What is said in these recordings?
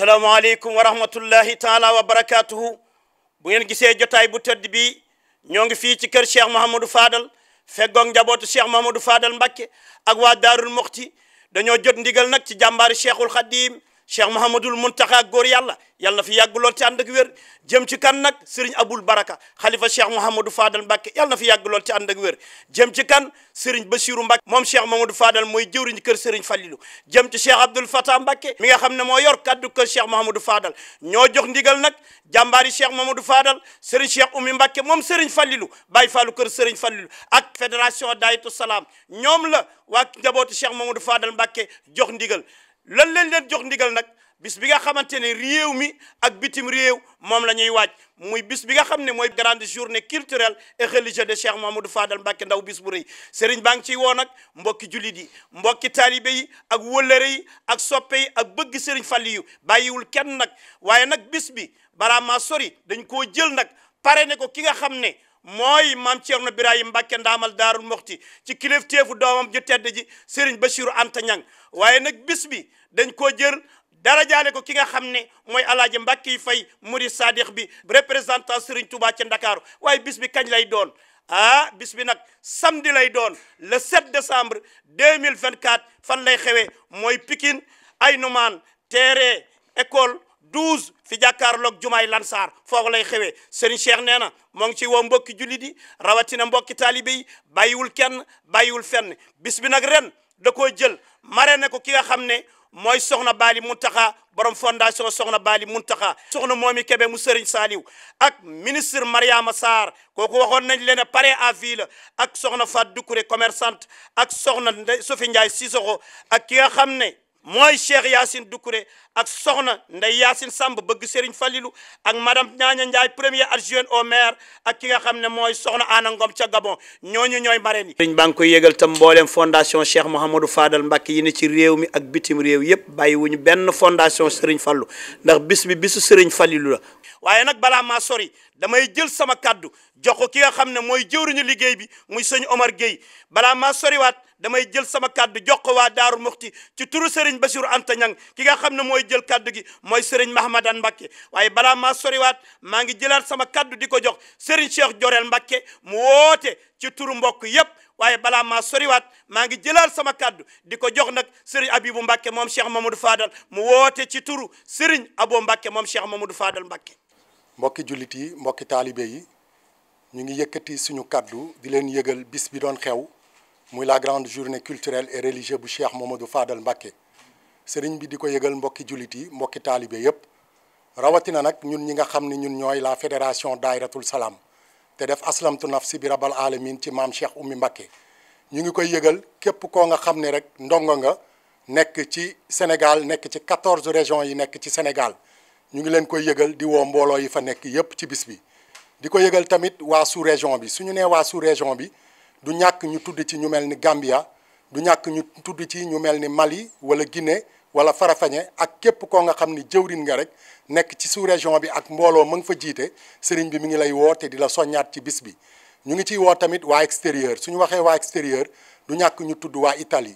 asalaamaaleykum wa rahmatullahi taala wa barakaatuhu bu ngeen gisee jotaay bu tëdd bi ñoo ngi fii ci kër Cheikh Mouhamadou Fadal feggoog njabootu Cheikh Mouhamadou Fadal Mbakke ak waa Daarul Muxti dañoo jot ndigal nag ci jàmbaari Cheikhul Xadim cheikh Mouhamadul Muntaxa góor yàlla yàlla fi yàgg lool ci ànd ak wér jëm ci kan nag sëriñ Abul Baraka xalifa cheikh Mouhamadou Fadal Mbacke yàlla na fi yàgg lool ci ànd ak wér jëm ci kan sëriñ Bassirou Mbacke moom cheikh Mouhamadou Fadal mooy jëwriñ kër sëriñ Falilou jëm ci cheikh Abdoul Fatah Mbacke mi ga xam ne moo yor kaddu kër cheikh Mouhamadou Fadal ño jox ndigal nag jàmbaari cheikh Mouhamadou Fadal sëriñ cheikh Oumy Mbacke moom sëriñ Falilou bàyyi fallu kër sëriñ Falilou ak fédération Daytu Salaam ñoom la waa njabootu cheikh Mouhamadou Fadal Mbacke jox ndigal lan leen leen jox ndigal nag bis bi nga xamante ne réew mi ak bitim réew moom la ñuy waaj muy bis bi nga xam ne mooy grande journée culturelle et religieuse de Cheikh Mamadou Fadal Mbacké ndaw bis bu rëy Serigne baa ngi ciy woo nag mbokki jullit yi mbokki taalibe yi ak wëllëre ak soppe ak bëgg Serigne Falliyu bàyyiwul kenn nag waaye nag bis bi balaa maa sori dañ koo jël nag pare ne ko ki nga xam ne mooy maam Thierno Birahim Mbacke ndaamal daarul moxti ci kilifteefu doomam ju tedd ji Serigne Bassirou Anta Niang waaye nag bis bi dañ ko jël dara jaale ko ki nga xam ne mooy alaaji Mbacke yi fay murid sadiq bi représentant Serigne Touba Ndakaaru waaye bis bi kañ lay doon ah bis bi nag samedi lay doon le deux mille vingt 2024 fan lay xewee mooy pikin ay numaan teere école 12 fi jàkkaarloog jumaay saar foofu lay xewee Serigne Cheikh nee na moo ngi ci woo mbokki jullit yi rawatina mbokki taalibe bay bàyyiwul kenn bàyyiwul fenn bis bi nag ren da ko jël mare ne ko ki nga xam ne mooy soxna Baali Muntaxa borom fondation soxna Baali Muntaxa soxna Momi Kebe mu Serigne Saliou ak ministre Mariama saar kooku waxoon nañ leen pare à vie la ak soxna Fatou Doucouré commerçante ak soxna Sofi Ndiaye Sissoko ak ki nga xam ne mooy Cheikh Yacine Doucouré ak soxna Ndeye Yacine samba bëgg Serigne falilu ak madame Ñaaña Ndiaye premier adjoint au maire ak ki nga xam ne mooy soxna Ana Ngom ca Gabon ñooñu ñooy marraine ni Sëriñ baa ngi koy yëgal tam mboolem fondation Cheikh Mouhamadou Fadal Mbacke yi ne ci réew mi ak bitim réew yëpp bàyyiwuñu benn fondation Serigne Fallou ndax bis bi bisu Serigne Falilou la. waaye nag balaa maa sori damay jël sama kaddu jox ko ki nga xam ne mooy jëwriñu liggéey bi muy sëñ Omar Gueye balaa maa damay jël sama kàddu jox ko waa Daaru Muxti ci turu Serigne Bassirou Anta Niang ki nga xam ne mooy jël kàddu gi mooy Serigne Mahamadan Mbakke waaye balaa maa soriwaat maa ngi jëlaat sama kàddu di ko jox Serigne Cheikh Jorel Mbakke mu woote ci turu mbokk yépp waaye balaa maa soriwaat maa ngi jëlaat sama kàddu di ko jox nag Serigne Abibou Mbakke moom Cheikh Mamadou Fadal mu woote ci turu Serigne Abo Mbakke moom Cheikh Mamadou Fadal Mbakke. mbokki jullit yi mbokki taalibe yi ñu ngi yëkkati suñu kàddu di leen yëgal bis bi doon xew. muy la grande journée culturelle et religieuse bu Cheikh Mamadou Fadal Mbacké sëriñ bi di ko yëgal mbokki jullit yi mbokki taalibe yëpp rawatina nag ñun ñi nga xam ni ñun ñooy la fédération daayratul salaam te def aslamtu nafsi bi rabal alamin ci maam Cheikh Oumy Mbacké ñu ngi koy yëgal képp ko nga xam ne rek ndongo nga nekk ci Sénégal nekk ci 14 régions yi nekk ci Sénégal ñu ngi leen koy yëgal di woo mbooloo yi fa nekk yépp ci bis bi di ko yëgal tamit waa sous région bi suñu nee waa région bi du ñàkk ñu tudd ci ñu mel ni Gambia du ñàkk ñu tudd ci ñu mel ni Mali wala Guinée wala farafañe ak képp koo nga xam ni jëwrin nga rek nekk ci sous-région bi ak mbooloo ma nga fa jiite sëriñ bi mu ngi lay woo te di la soññaat ci bis bi. ñu ngi ciy woo tamit waa extérieur suñu waxee waa extérieur du ñàkk ñu tudd waa itali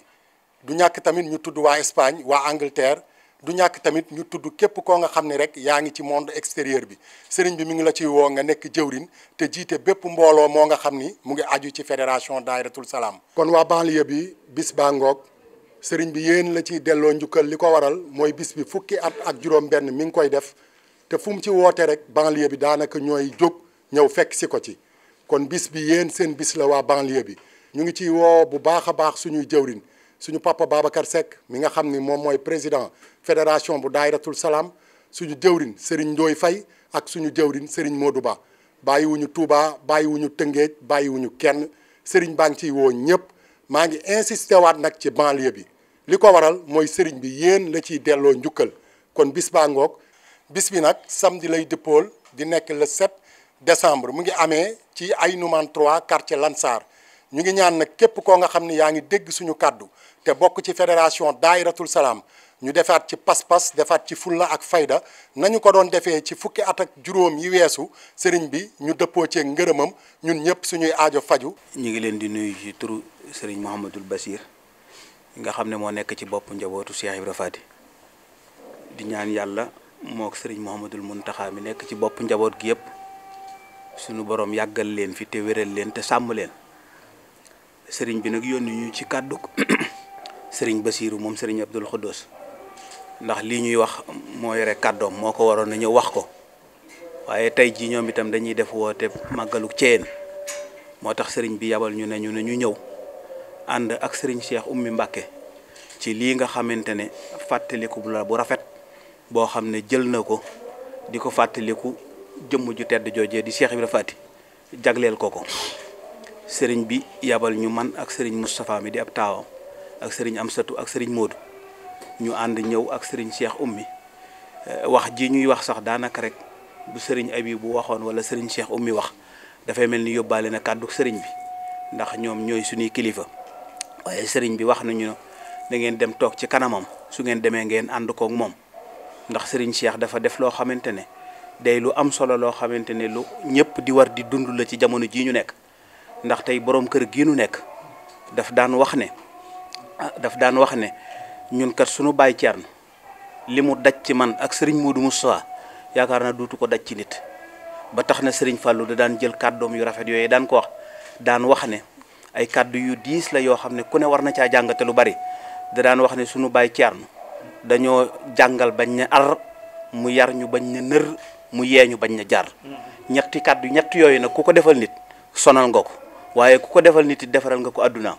du ñàkk tamit ñu tudd waa Espagne waa Angleterre. du ñàkk tamit ñu tudd képp koo nga xam ne rek yaa ngi ci monde extérieur bi sëriñ bi mu ngi la ciy woo nga nekk jëwrin te jiite bépp mbooloo moo nga xam ni mu ngi aju ci fédération daayiratul salaam. kon waa banlieue bi bis baa ngoog sëriñ bi yéen la ciy delloo njukkal li ko waral mooy bis bi fukki at ak juróom-benn mi ngi koy def te fu mu ci woote rek banlieue bi daanaka ñooy jóg ñëw fekk si ko ci kon bis bi yéen seen bis la waa banlieue bi ñu ngi ciy woo bu baax a baax suñuy jëwrin suñu papa Babacar Seck mi nga xam ni moom mooy président. fédération bu daayiratul salaam suñu jëwrin Serigne Ndooy Fay ak suñu jëwrin Serigne Modou Ba bàyyiwuñu Touba bàyyiwuñu Tëngéej bàyyiwuñu kenn Serigne baa ngi ciy woo ñëpp maa ngi insisté waat nag ci banlieue bi li ko waral mooy Serigne bi yéen la ciy delloo njukkal kon bis baa ngoog bis bi nag samedi lay dëppool di nekk le 7 décembre mu ngi amee ci ay Aïnoumane 3 quartier Lansar ñu ngi ñaan nag képp koo nga xam ni yaa ngi dégg suñu kàddu te bokk ci fédération Daayiratul Salaam ñu defaat ci pas-pas defaat ci fulla ak fayda nañu ko doon defee ci fukki at ak juróom yi weesu sëriñ bi ñu dëppoo cee ngërëmam ñun ñëpp suñuy aajo faju ñu ngi leen di nuyu ci turu sëriñ Mouhamadul Basir nga xam ne moo nekk ci bopp njabootu Cheikh Ibra Fati di ñaan yàlla mook sëriñ Mouhamadul Muntaxa mi nekk ci bopp njaboot gi yëpp suñu borom yàggal leen fi te wéral leen te sàmm leen sëriñ bi nag yónni ñu ci kàddu sëriñ Basiru moom sëriñ Abdul Xuddoos ndax lii ñuy wax moo yore kàddoom moo ko waroon na ñëw wax ko waaye tey jii ñoom itam dañuy def woote màggalu Ceyeen moo tax sëriñ bi yabal ñu ne ñu ñëw ànd ak sëriñ Cheikh ummi Mbacké ci lii nga xamante ne fàttaliku la bu rafet boo xam ne jël na ko di ko fàttaliku jëmm ju tedd joojee di Cheikh bi Fati jagleel ko ko sëriñ bi yabal ñu man ak sëriñ Moustapha mi di ab taawam ak sëriñ Amsatu ak sëriñ Modou. ñu ànd ñëw ak sëriñ Cheikh Oumy eh, wax ji ñuy wax sax daanaka rek bu sëriñ Abi bu waxoon wala sëriñ Cheikh ummi wax dafay mel ni yóbbaale na kàddu sëriñ bi ndax ñoom ñooy suñuy kilifa waaye sëriñ bi wax nañu da ngeen dem toog ci kanamam su ngeen demee ngeen ànd moom ndax sëriñ Cheikh dafa def loo xamante ne day lu am solo loo xamante ne lu ñëpp di war di dund la ci jamono jii ñu nekk ndax tey boroom kër gi nu nekk daf daan wax ne ah, daf daan wax ne ñun kat sunu bàyyi Thierno li mu daj ci man ak sëriñ Modou Moussa yaakaar na duutu ko daj ci nit ba tax na sëriñ Fallou da daan jël kàddoom yu rafet yooyu daan ko wax daan wax ne ay kàddu yu diis la yoo xam ne ku ne war na caa jàngate lu bari da daan wax ne sunu bàyyi Thierno dañoo jàngal bañ na ar mu yar ñu bañ na nër mu yee ñu bañ na jar ñetti kàddu ñett yooyu nag ku ko defal nit sonal nga ko waaye ku ko defal nit defaral nga ko àdduna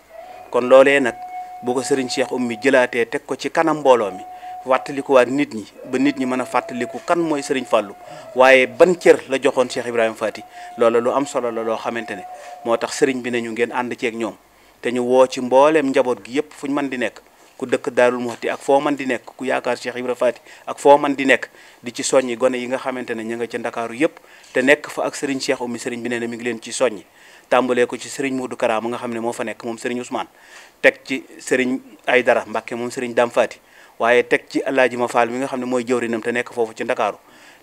kon loolee nag. boo ko sëriñ Cheikh Oumy jëlaatee teg ko ci kanam mbooloo mi fàttalikuwaat nit ñi ba nit ñi mën a fàttaliku kan mooy sëriñ fàllu waaye ban cër la joxoon Cheikh Ibrahima Fati loola lu am solo la loo xamante ne moo tax sëriñ bi ñu ngeen ànd ceeg ñoom te ñu woo ci mbooleem njaboot gi yëpp fuñ mën di nekk ku dëkk Daarul Muxti ak foo man di nekk ku yaakaar Cheikh Ibrahima Fati ak foo man di nekk di ci soññi gone yi nga xamante ne ñu nga ca Ndakaaru yëpp te nekk fa ak sëriñ Cheikh Oumy sëriñ bi nee na mi ngi leen ci soññi tàmbalee ko ci Serigne Modou Kara ma nga xam ne moo fa nekk moom Serigne Ousmane teg ci ay dara Mbacke moom Serigne Dame faati waaye teg ci Alaaji Ma Fall mi nga xam ne mooy jëwrinam te nekk foofu ci Ndakaaru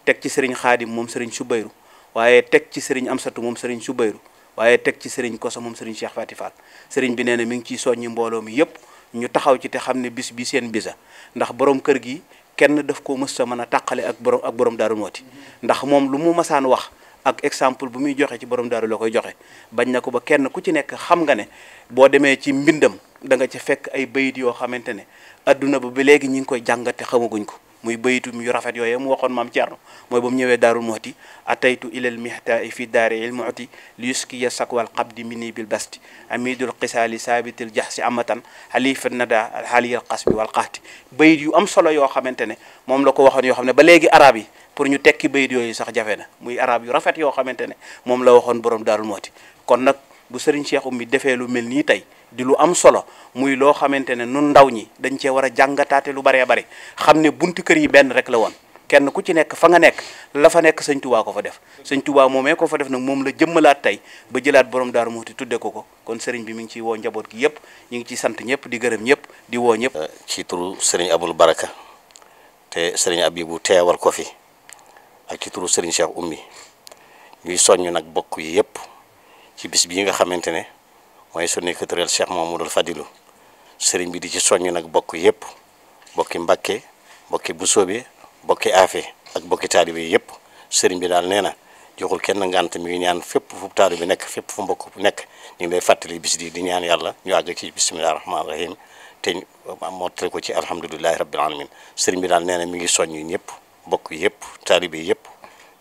teg ci Serigne Xaadim moom Serigne Soubayrou waaye teg ci Serigne Amsatu moom Serigne Soubayrou waaye teg ci Serigne Koso moom Serigne Cheikh Fati Fall sëriñ bi nee na mi ngi ciy soññi mbooloo mi yëpp ñu taxaw ci te xam ne bis bi seen bisa ndax boroom kër gi kenn def koo mës sa mën a tàqale ak borom ak borom Daaru Mooti ndax moom lu mu masaan wax ak exemple bu muy joxee ci borom daaru la koy joxe bañ na ko ba kenn ku ci nekk xam nga ne boo demee ci mbindam da nga ci fekk ay bayit yoo xamante ne adduna ba ba léegi ñi ngi koy jàngate xamaguñ ko muy bayitum yu rafet yooyu mu waxoon maam Thierno mooy ba mu ñëwee daarul muhti ataytu ilal mihta fi daari il muhti li yuskiya sakwal qabdi mini bil basti amidul qisaali saabitil jaxsi amatan xalifa nada xaaliyal qasbi wal qahti bayit yu am solo yoo xamante ne moom la ko waxoon yoo xam ne ba léegi arab yi pour ñu tekki bayit yooyu sax jafe na muy arab yu rafet yoo xamante ne moom la waxoon boroom daal Muhti kon nag bu sëriñ Cheikh Oumy defee lu mel nii tey di lu am solo muy loo xamante ne nun ndaw ñi dañ cee war a jàngataate lu baree bari xam ne bunt kër yi benn rek la woon kenn ku ci nekk fa nga nekk la fa nekk sëñ ko fa def sëñ Touba moomee ko fa def nag moom la jëmmalaat tey ba jëlaat borom Daaru Muhti tudde ko ko kon sëriñ bi mu ngi ci woo njaboot gi yëpp ñu ngi ciy sant ñëpp di gërëm ñëpp di woo ñëpp. ci turu sëriñ Abul te sëriñ Abibu teewal ko fi. ak ci turu Serigne Cheikh Oumy ñuy soññ nag bokk yi yëpp ci bis bii nga xamante ne mooy journée culturelle mu Mamadou Fadilou Serigne bi di ci soññ nag bokk yëpp bokki Mbakke bokki Busoobe bokki Afe ak bokki taalibe yëpp seriñ bi daal nee na joxul kenn ngant mi ngi ñaan fépp fu taalibe bi nekk fépp fu mbokk nekk ñu ngi lay fàttali bis di di ñaan yàlla ñu ki ci bisimilah rahmaani rahim te mottali ko ci alhamdulilahi rabbil alamin seriñ bi daal nee na mi ngi soñ ñëpp. bokk yëpp taalibe yëpp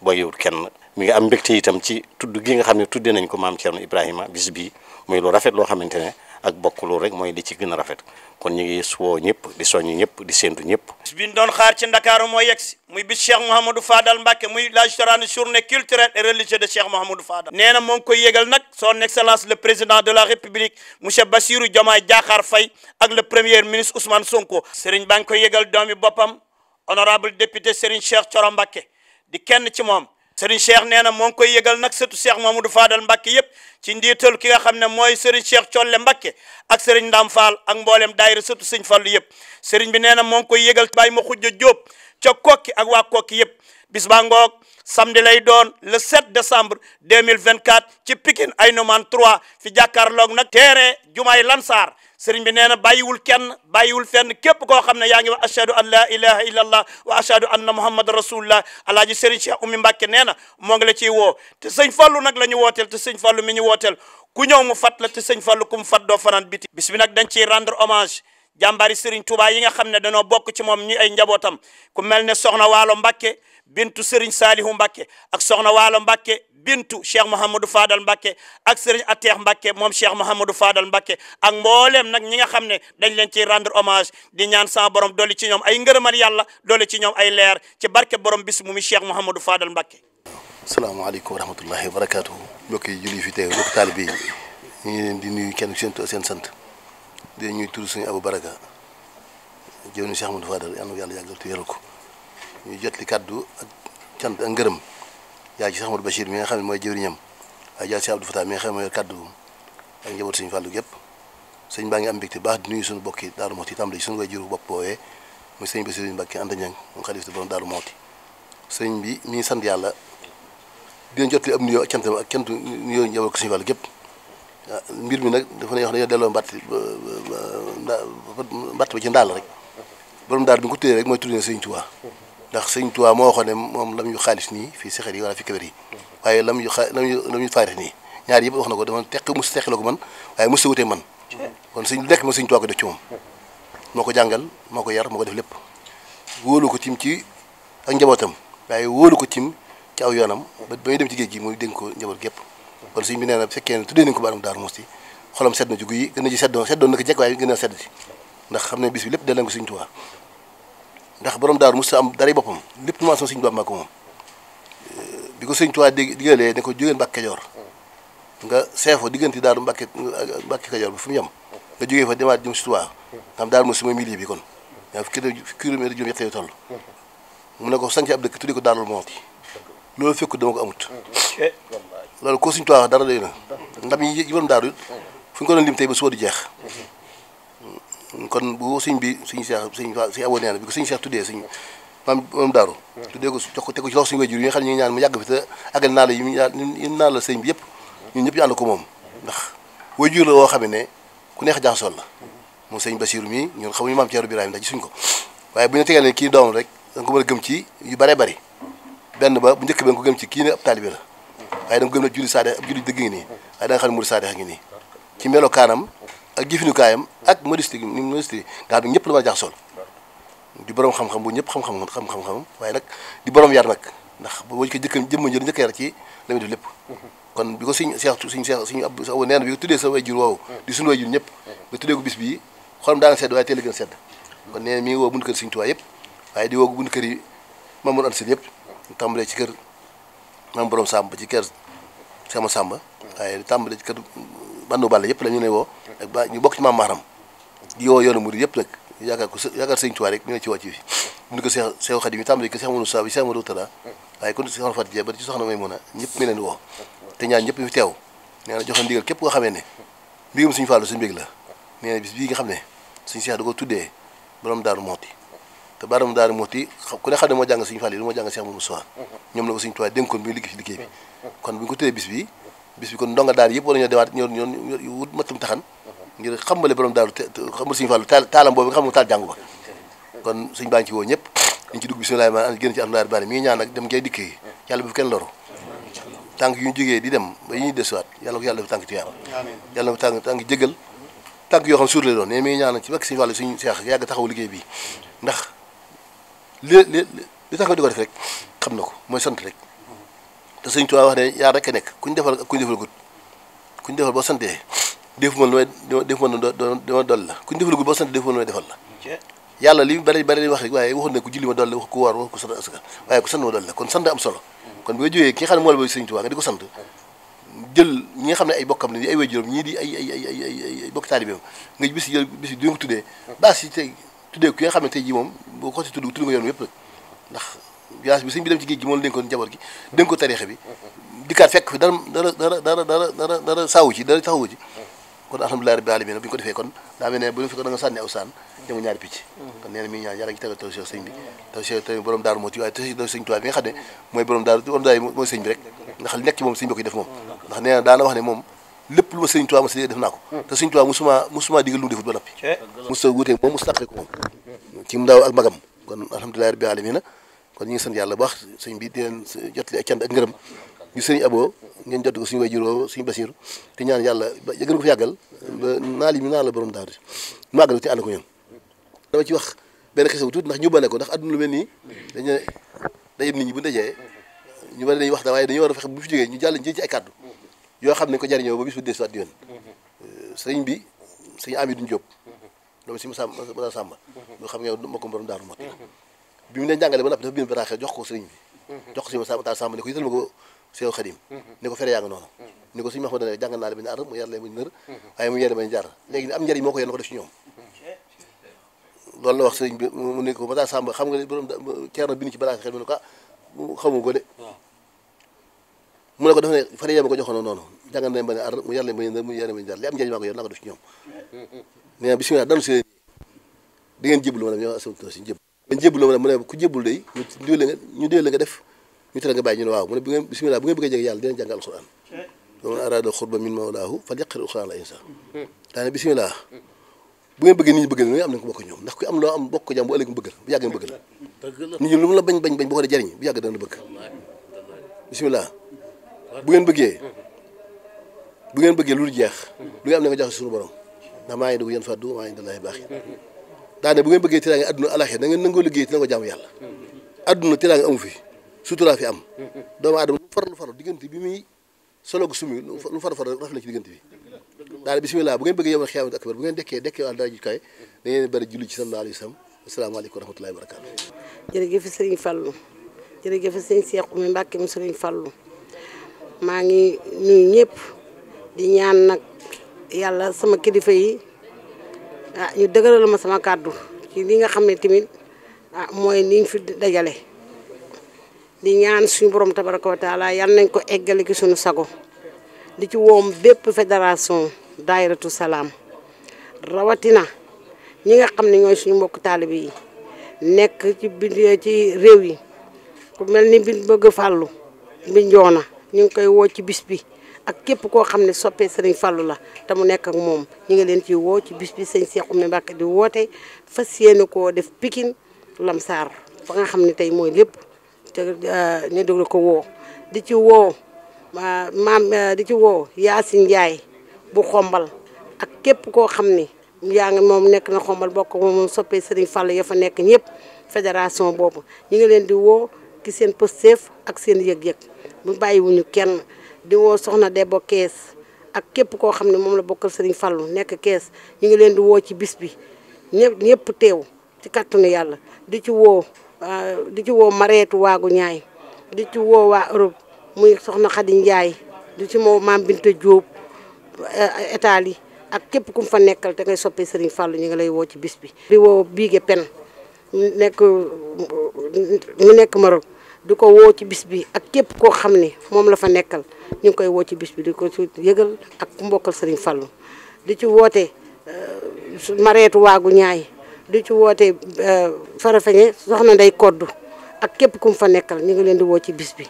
bàyyiwul kenn mi ngi am mbégte itam ci tudd gi nga xam ne tudde nañ ko maam Thierno Ibrahima bis bii muy lu rafet loo xamante ne ak bokk loolu rek mooy li ci gën a rafet kon ñu ngi suwoo ñëpp di soññ ñëpp di séntu ñëpp bis bi ñu doon xaar moo yegg si muy bis Cheikh Mouhamadou Fadal Mbacké muy la journée culturelle et religieuse de Cheikh Mouhamadou Fadal nee na moo ngi koy yégal nag son excellence le président de la république monsieur Bassirou Diomaye Diakhar Faye ak le premier ministre Ousmane Sonko sëriñ baa ngi koy yégal doomi boppam honorable député Serigne Cheikh Thioro mbake di kenn ci moom Serigne Cheikh nee na moo ngi koy yëgal nag sëtu Cheikh Mamadou Fadal Mbacké yëpp ci ndiital ki nga xam ne mooy Serigne Cheikh Thiolle Mbacké ak Serigne Ndam Fall ak mboolem daayira sëtu Serigne Fallu yëpp Serigne bi nee na moo ngi koy yëgal bàyyi ma xujja Jóob ca kokki ak waa kokki yëpp bis baa ngoog lay doon le 7 décembre 2024 ci Pikine ay numan 3 fi jàkkaarloog nag teere jumaay Lansar sëriñ bi nee na bàyyiwul kenn bàyyiwul fenn képp koo xam ne yaa ngi wax ashhadu an la ilaha illa allah wa ashhadu anna muhammadan rasulullah alaaji sëriñ Cheikh Oumy Mbacke nee na moo ngi la ciy woo te sëñ Fallu nag la ñu wooteel te sëñ Fallu mi ñu wooteel ku ñëw mu fat la te sëñ Fallu ku mu fat doo fanaan biti bis bi nag dañ ciy rendre hommage jàmbaari Serigne Touba yi nga xam ne dañoo bokk ci moom ñi ay njabootam ku mel ne soxna waalo Mbacke bintu Serigne Salihu Mbacke ak soxna waalo Mbacke bintu cheikh Mouhamadou Fadal Mbacke ak Serigne Ateex Mbacke moom cheikh Mouhamadou Fadal Mbacke ak mboolem nag ñi nga xam ne dañ leen ciy rendre hommage di ñaan sa borom dolli ci ñoom ay ngërëmal yàlla dolli ci ñoom ay leer ci barke borom bis mu mi cheikh Mouhamadou Fadal Mbacke. salaamaaleykum wa rahmatullahi wa barakaatu mbokk yi julli fi teew mbokk taalibe yi ngi leen di nuyu kenn seen tur seen sant di ñuy tur suñu Abu Baraka jëw ni cheikh Mouhamadou Fadal yàlla na yàlla yàggal te yore ko ñu jot kaddu ak cant ngërëm. jaay ci Cheikh Amadou Bachir mi nga xam ne mooy jëwriñam waaye jaay ci Abdou Fatah mi nga xam ne mooy kàddu ak njaboot sëñ Fallou gépp sëñ baa am mbégte baax di nuyu suñu bokki Daaru Muxti tam la suñu way juru bopp boowee muy sëñ Bassirou Mbacké Anta Niang moom bi mi ngi sant yàlla dina jot li am nuyoo ak cantam ak cantu nuyoo njaboot ko gépp ah, mbir mi nag dafa ne wax dañoo delloo mbatt ba ci ndaal rek borom daal bi nga ko rek mooy tuddee sëñ Tuubaa ndax sëñ Tuubaa moo waxoon ne moom lam yu xaalis nii fii sixar yi wala fi kabar yi waaye lam yu xa lam nii ñaar yëpp wax na ko dama teq mos teqi la ko man waaye mos wutee man kon sëñ nekk ma sëñ ko def ci moom moo ko jàngal moo ko yar moo ko def lépp wóolu ko tim ci ak njabootam waaye wóolu ko tim ci aw yoonam ba ba muy dem ci muy dénk ko njaboot gépp kon sëñ bi nee na fekkee ne ko baaram daaru musti xolam sedd na ci guy gën a ji seddoon seddoon na a sedd si ndax xam ne bis bi lépp dal na ko sëñ Tuubaa ndax boroom daaru mos am daray boppam lépp mention sëñ Bamba ko moom eh, bi ko sëñ Tuubaa dégg ne ko jógeen Mbàkke Kajoor nga seefo diggante daaru Mbàkke Mbàkke Kajoor bi fu mu yem nga jógee fa demaat jëm si Tuubaa xam daaru bi kon yaa fi kilomètre mu ne ko sanc ab dëkk tuddi ko Daarul Muxti loolu fekku dama ko amut loolu ko sëñ Tuubaa dara doy na ndam yi borom daaru fu ñu ko doon lim tey ba suba du jeex kon bu suñ bi suñu seex suñ suñu aboo nee na bi ko suñu seex tuddee suñ maam maam ko jox ko teg ko ci ngi ñaan mu yàgg fi te àggal naa la yi la sëñ bi yëpp ñun ñëpp ñu ànd ko moom ndax waajur la woo xam ne ku neex jaxasoon la moom sëñ Basiru mii ñun xamuñu maam Ceerno Birahim ndax suñ ko waaye bu ñu tegal ne kii doom rek da ko mën a gëm ci yu bare bari benn ba bu njëkk ba ko gëm ci kii ne ab taalibe la waaye da nga ko gëm ne julli saade ab julli dëgg ngi nii waaye da nga xam ak jëfinukaayam ak modestie gi ni modestie nga xam ne ñëpp la war a jaxasool di borom xam-xam bu ñëpp xam-xam xam waaye nag di borom yar nag ndax boo ko jëkk jëmma njëriñ njëkk yar ci la muy def lépp kon bi ko suñ seex suñ seex suñu ab sa nee na bi ko tuddee sa wayjur woowu di ñëpp nga tuddee ko bis bii xolam daana sedd waaye teel a gën a sedd kon nee na mi ngi woo bunt kër suñu tuwaay yëpp waaye di woo bunt kër yi mamoon an seen yëpp tàmbalee ci kër mam borom sàmba ci kër sama sàmba waaye tàmbalee ci kër bandu bàll yëpp la ñu ne woo ak ba ñu bokk ci maam maaram di woo yoonu murid yëpp nag yaakaar ko yaakaar sëñ Tuubaa rek ñu ne ci wàcc fi buñu ko Seex waaye ci soxna Maymuna ñëpp mi leen woo te ñaan ñëpp fi teew nee koo xamee ne mbigum suñu fàllu la nee na nga xam ne suñu Seex da ko tuddee borom daaru mooti te baram daaru ku ne xam ne moo jàng suñu fàll yi du moo jàng Seex Amadu Saa ñoom la ko suñu Tuubaa dénkoon bi liggéey bi kon bu ko tuddee bis bi bis bi kon ndonga daal yëpp war nañoo demaat ñoo ñoo wut matum taxan ngir xam borom daaru xambal suñu fàllu taal taalam boobu nga xam ne taal jàngu ba kon suñ baa ngi ci woo ñëpp dañ ci dugg bismillahi man génn ci alhamdulillahi rabbil mi ñaan nag dem ngay dikk yi yàlla bu fi kenn loru tànk yu ñu di dem ba yi ñuy desuwaat yàlla ko yàlla dafa tànk tuyaam yàlla dafa tànk tànk jégal tànk yoo xam suur la doon ne mi ñaan nag ci bakk suñu fàllu suñu seex yàgg taxaw liggéey bi ndax li li li tax nga di ko def rek xam na ko mooy sant rek te Sëriñ Tuubaa wax ne yaa rek a nekk kuñ defal kuñ defal gut kuñ defal boo santee defu ma lu may defu ma dama doll la kuñ defal gut boo santee defu ma lu may la yàlla li bari bari li wax rek waaye waxoon ne ku julli ma doll la wax ku war wax ku sant asaka waaye ku sant ma doll la kon sant am solo kon bi nga jógee ki nga xam ne moo la ba Sëriñ Tuubaa nga di ñii di bokk taalibeem nga bis yi jël bis yi di nga ko ne tey moom boo ko si tudd tudd nga yoon yëpp nag ndax village bi sëñ bi dem ci géej gi moom la dénkoon njaboot gi dénk ko tariixa bi dikkaat fekk fi dara saawu ci dara taxawu ci kon alhamdulilah rabbil alamin bu ñu ko defee kon daa mel ne bu ñu fekkoon da nga sëñ bi taw def moom ndax nee daana wax ne moom lépp lu ma sëñ tubaab ma sëñ def naa ko te sëñ tubaab musuma musuma digal lu defut ba noppi musta wuute moom musta ko moom ci mu daaw ak magam kon alhamdulilah rabbil alamin kon ñu ngi sant yàlla bu baax sëñ bi di leen jotli ak cant ak ngërëm gi sëñ aboo ngeen jot ko suñu way juróo suñu basiru te ñaan yàlla ba gën ko fi yàggal ba naa li mi naa la borom daaru mu àggal te ànd ko ñoom dama ci wax benn xese bu tuuti ndax ñu bane ko ndax àdduna lu mel nii dañu daje nit ñi bu dajee ñu bari dañuy wax da waaye dañu war a fexe bu fi jógee ñu jàll jël ci ay kàddu yoo xam ne ko jariñoo ba bis bu deesuwaat di yoon sëñ bi sëñ Amidou Diop doomu si Massa Samba loo xam nga moo ko borom daaru mot bi mu leen ba noppi dafa bind bataaxel ko sëriñ bi mhm. jox ko ne ko yital ma ko Seex Xadim mhm. ne ko fere yaa ngi noonu mhm. ni ko sëriñ Mahmoud ne jàngal naa la benn ar mu yar leen bañ nër waaye mu yar leen bañ jar léegi am njëriñ moo ko yàlla ko def ci ñoom loolu la wax sëriñ bi mu ne ko Matar Samb xam nga borom ceerno bind ci bataaxel mu ne ko ah, xamu ko de mu ne ko dafa ne fere ma ko joxoon noonu jàngal leen benn ar mu yar leen bañ nër mu yar leen bañ jar li am njëriñ maa ko yàlla naa ko def ci ñoom nee na bismillah danu seen bañ jébbuloo mu ne mu ne ku jébbul day ñu diwle ñu diwle def ñu tere nga bàyyi ñu ne waaw mu ne bu ngeen bismillah bu ngeen bëggee jege yàlla dina jàng alquran wa man arada xurba la bu ngeen bëggee nit ñi bëgg la am nañ ko loo am bokk ko jàmm bu ëllëg mu bëgg la bu yàgg la nit ñi lu mu bu yàgg bëgg bismillah lu jeex lu ngeen am ne nga jox suñu borom ndax maa ngi dugg yéen maa ngi dalay baax daane bu ngeen bëggee tiraange adduna alaxee na ngeen nangoo liggéey te na ko jaamu yàlla adduna tiraange amu fi sutura fi am doomu aadama lu farlu farlu diggante bi muy soloog sumi lu farlu farlu rafet na ci diggante bi daane bismillah bu ngeen bëggee yomal xiyaamatu akbar bu ngeen dekkee dekkee wàll dara jukaay da ngeen bari julli ci sallallahu alayhi wa sallam asalaamaaleykum wa rahmatullahi wa barakatu jërëjëf sëriñ Fallou jërëjëf sëriñ Seexu mi Mbàkke mi sëriñ Fallou maa ngi nuyu ñëpp di ñaan nag yàlla sama kilifa yi ah ñu dëgëral ma sama kàddu ci li nga xam ne tamit ah mooy niñ fi dajale di ñaan suñu borom tabaraka wa yal nañ ko eggale ki suñu sago di ci woom bépp fédération daayiratu salaam rawatina ñi nga xam ne suñu mbokk taalibe yi nekk ci bi ci réew yi ku mel ni bi bëgg fàllu bi ñu ngi koy woo ci bis bi ak képp koo xam ne soppee sëriñ Fallou la te mu nekk moom ñu ngi leen ci woo ci bis bi sëñ Cheikh Oumy Mbacké di woote fas yéene koo def Pikine Lamsar fa nga xam ne tey mooy lépp te euh, ñu déglu ko woo di ci woo maam euh, di ci woo Yacine Ndiaye bu xombal ak képp koo xam ni yaa ngi moom nekk na xombal bokk moom soppee sëriñ Fallou ya fa nekk ñëpp fédération boobu ñu ngi leen di woo ki seen pësteef ak seen yëg-yëg mu bàyyiwuñu kenn di woo soxna Debbo Kees ak képp koo xam ne moom la bokkal sëriñ Fallou nekk Kees ñu ngi leen di woo ci bis bi ñëpp teew ci kàttanu yàlla di ci woo euh, di ci woo Mareetu Waagu Ñaay di ci woo waa Europe muy soxna Xadi Njaay di ci moo Maam Binta Jóob Italie euh, ak képp ku mu fa nekkal te ngay soppee Serigne Fallou ñu ngi lay woo ci bis bi di woo Biige Pen nekk mu nekk di ko woo ci bis bi ak képp koo xam ne moom la fa nekkal ñu ngi koy woo ci bis bi di ko yëgal ak mbokkal sëriñ Fallou di ci woote euh, mareetu waagu ñaay di ci woote euh, farafeñe soxna nday koddu ak képp kum fa nekkal ñu ngi leen di woo ci bis bi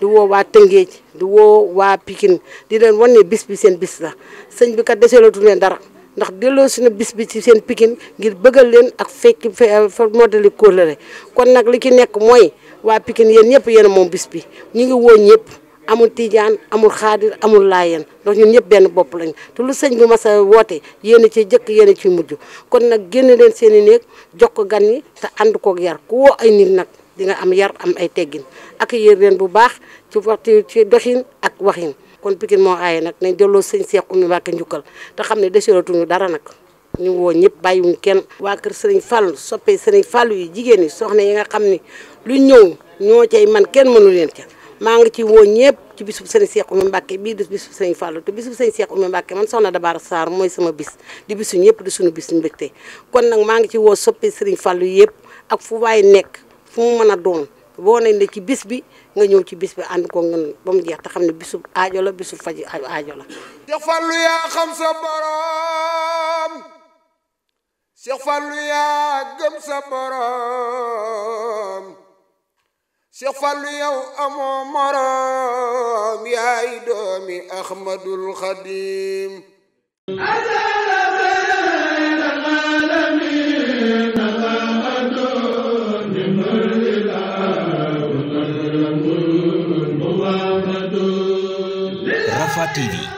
di woo waa Tëngéej di woo waa pikin di leen wan ne bis bi seen bis la sëñ bi kat deseelatu leen dara ndax delloo si na bis bi ci seen Pikine ngir bëggal leen ak fekki fa modali kóllëre kon nag li ci nekk mooy waa Pikine yéen ñëpp yéen moom bis bi ñu ngi woo ñëpp amul tijaan amul xaadir amul laayeen ndax ñun ñëpp benn bopp lañ te lu sëñ bi mas a woote yéen a ciy jëkk yéen a mujj kon nag génn leen seen i néeg jox ko gan yi te ànd koog yar ko ay nit nag di nga am yar am ay teggin ak yéen leen bu baax ci waxtu ci doxin ak waxin kon Pikine moo aaye nag nañ delloo sëñ Seex Umi Mbàkke njukkal te xam ne deseeratuñu dara nag ñu woo ñëpp bàyyiwuñ kenn waa kër sëriñ Fallou soppee sëriñ Fallou yi jigéen soxna yi nga xam ni lu ñëw ñoo cay man kenn mënu leen ca maa ngi ci woo ñëpp ci bisu sëriñ Cheikh Oumy Mbacké bii di bisub sëriñ Fallou te bisub sëriñ Cheikh Oumy Mbacké man soxna Dabar Sarr mooy sama bis di bisu ñëpp di suñu bis mbégte kon nag maa ngi ci woo soppee sëriñ Fallou yëpp ak fu waay nekk fu mu mën a doon boo nañ la ci bis bi nga ñëw ci bis bi ànd ko ngeen ba mu jeex te xam ne bisu aajo la bisub faj aajo la. Cheikh Fallou yaa xam sa borom Cheikh yaa gëm sa borom Cheikh Fallou yow amoo morom yaay doomi Ahmadul Xadim Rafah TV